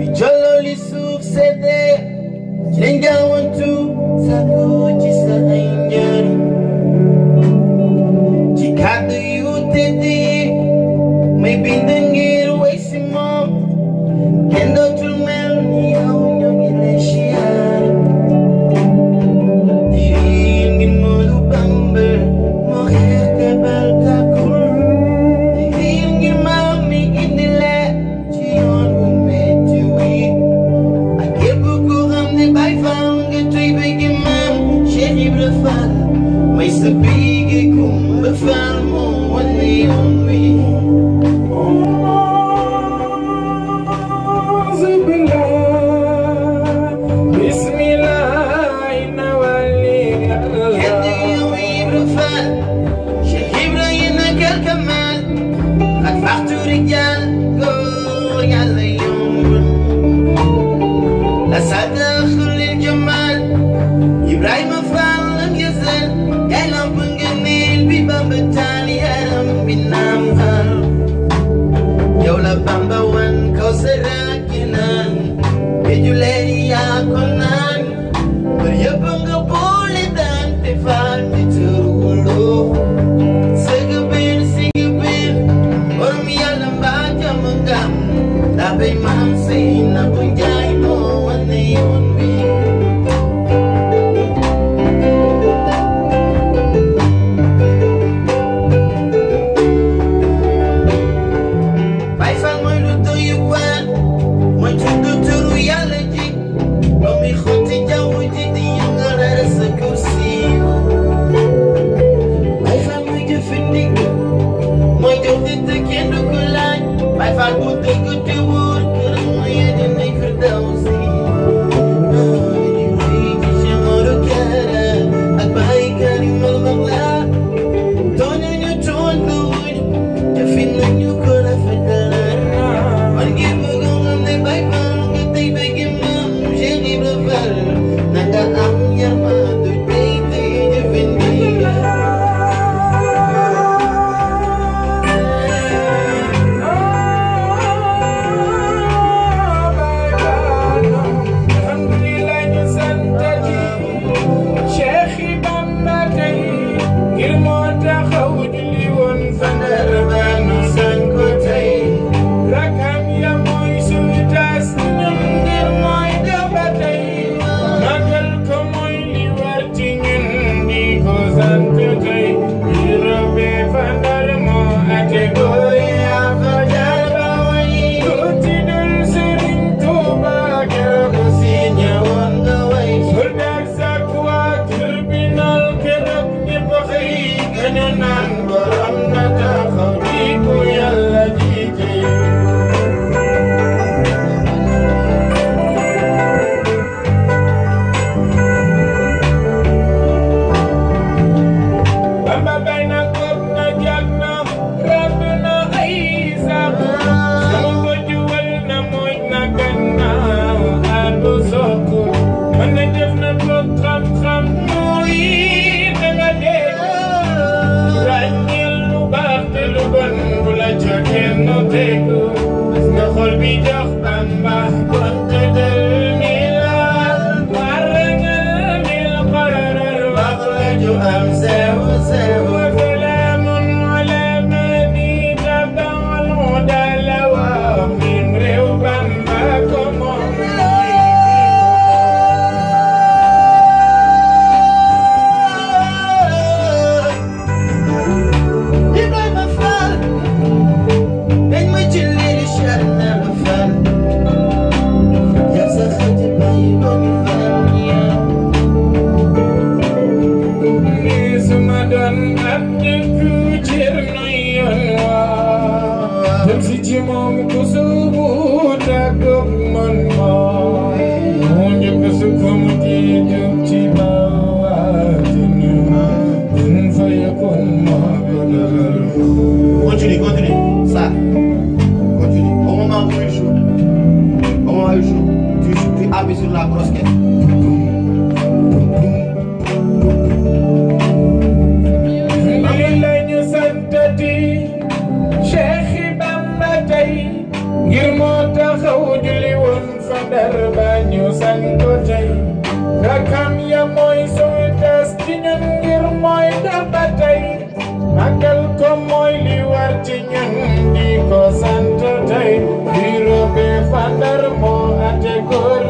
bi jolo li suuf seddee dinañ gaawantu sako ci sa ay ci kàddu yu tedd yi may bind ngir way si moom believe your man Ibrahima nit kenn du ko laaj bay fal bu dëgg te wóor take sur la santati Cheikh Bamba ngir moo taxaw julli fa Ndar ba ñu rakam ya mooy suñu tas ci ñun ngir mooy Ndar ko mooy li war ci ñun di ko sant fa Ndar ate góor